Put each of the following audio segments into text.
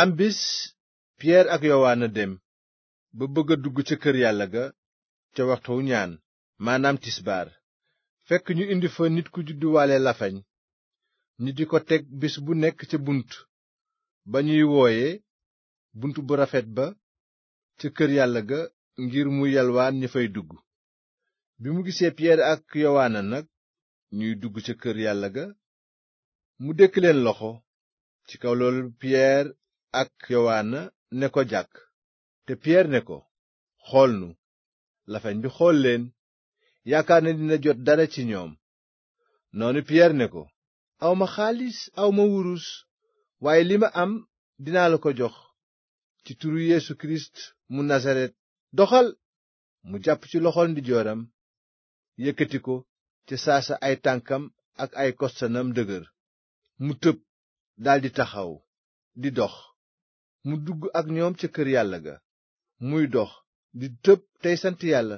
am bis piyeer ak yowaana dem ba bëgg a dugg ca kër yàlla ga ca waxtu ñaan maanaam tisbaar fekk ñu indi nit ku judduwaale lafañ ñu di ko teg bis bu nekk ca wooye bunt bu rafet ba ca kër yàlla ga ngir mu yalwaan ña fay dugg bi mu gisee ak yowaana nag ñuy dugg ca kër yàlla ga mu dëkk leen loxo ci kaw loolu piyeer ak yowaana ne ko jàkk te piyeer ne ko xool nu lafañ bi xool leen yaakaar na dina jot dara ci ñoom noonu piyeer ne ko awma xaalis awma wurus waaye li ma am dinaa la ko jox ci turu Yeesu Kirist mu Nasaret doxal mu jàpp ci loxol ndijooram yëkkati ko ca saasa ay tànkam ak ay kostanam dëgër mu tëb daldi taxaw di dox mu dugg ak ñoom ca kër yàlla ga muy dox di tëb tey sant yàlla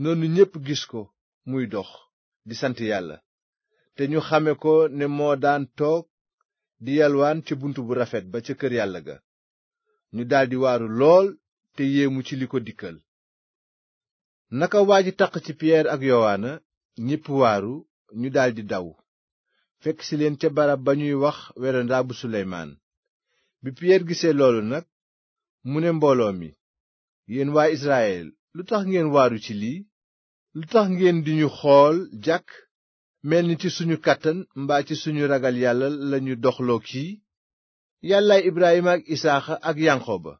noonu ñépp gis ko muy dox di sant yàlla te ñu xame ko ne moo daan toog di yalwaan ca bunt bu rafet ba ca kër yàlla ga ñu daldi waaru lool te yéemu ci li ko dikkal naka waa ji taq ci piyeer ak yowaana ñépp waaru ñu daldi daw fekk ci leen ca barab ba ñuy wax werandaa bu suleymaan bi piyeer gisee loolu nag mu ne mbooloo mi yéen waa Israyil lu tax ngeen waaru ci lii lu tax ngeen di ñu xool jàkk mel ni ci suñu kàttan mbaa ci suñu ragal yàlla lañu doxloo kii yàllaay Ibrahima ak Isaaxa ak ba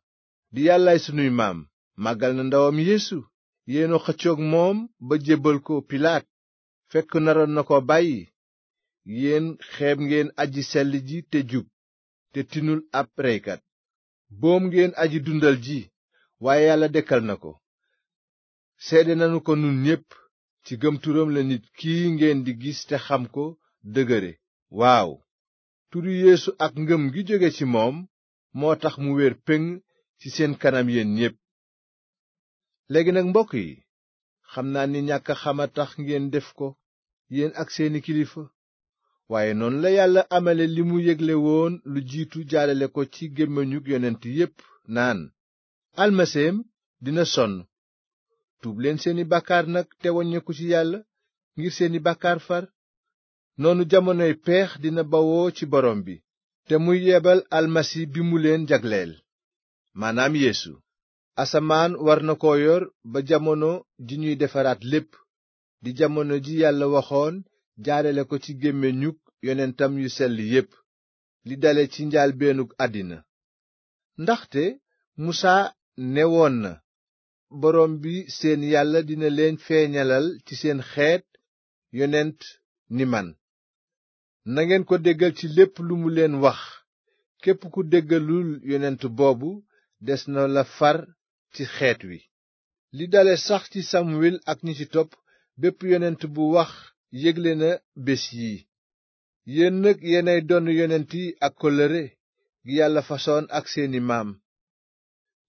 di yàllaay sunuy maam màggal na ndawam Yeesu yéeno xëccoog moom ba jëbal ko Pilaat fekk naroon na ko bàyyi yéen xeeb ngeen aji sell ji te jub te tinul ab reykat boom ngeen aji dundal ji waaye yàlla dekkal na ko seede nanu ko nun ñépp ci gëm turam la nit kii ngeen di gis te xam ko dëgëre waaw turu yeesu ak ngëm gi jóge ci moom moo tax mu wér péng ci seen kanam yéen yépp léegi nag mbokk yi xam naa ni ñàkk xam a tax ngeen def ko yéen ak seeni kilifa waaye noonu la yàlla amale li mu yégle woon lu jiitu jaalale ko ci gémmiñu yonent yépp naan almaseem dina sonn tuub leen seeni bàkkaar nag te waññeeku ci yàlla ngir seeni bàkkaar far noonu jamonoy peex dina bawoo ci borom bi te muy yebal almasi bi mu leen jagleel maanaam yeesu asamaan war na ko yor ba jamono ji ñuy defaraat lépp di jamono ji yàlla waxoon jaarale ko ci gémmiñu yonentam yu sell yépp li dale ci njaalbeenug àddina ndaxte musaa ne woon na boroom bi seen yàlla dina leen feeñalal ci seen xeet yonent ni man nangeen ko déggal ci lépp lu mu leen wax képp ku déggalul yonent boobu des na la far ci xeet wi li dale sax ci samwil ak ñu ci topp bépp yonent bu wax yégle na bés yi yéen nag yéenay donn yonent yi ak kóllëre gi yàlla fasoon ak seeni maam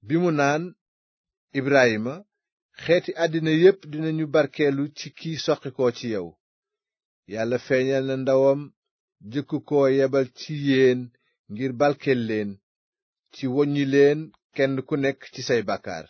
bi mu naan Ibrahima xeeti àddina yépp dinañu barkeelu ci kiy soqikoo ci yow yàlla feeñal na ndawam jëkku ko yebal ci yéen ngir balkeel leen ci woññi leen kenn ku nekk ci say bàkkaar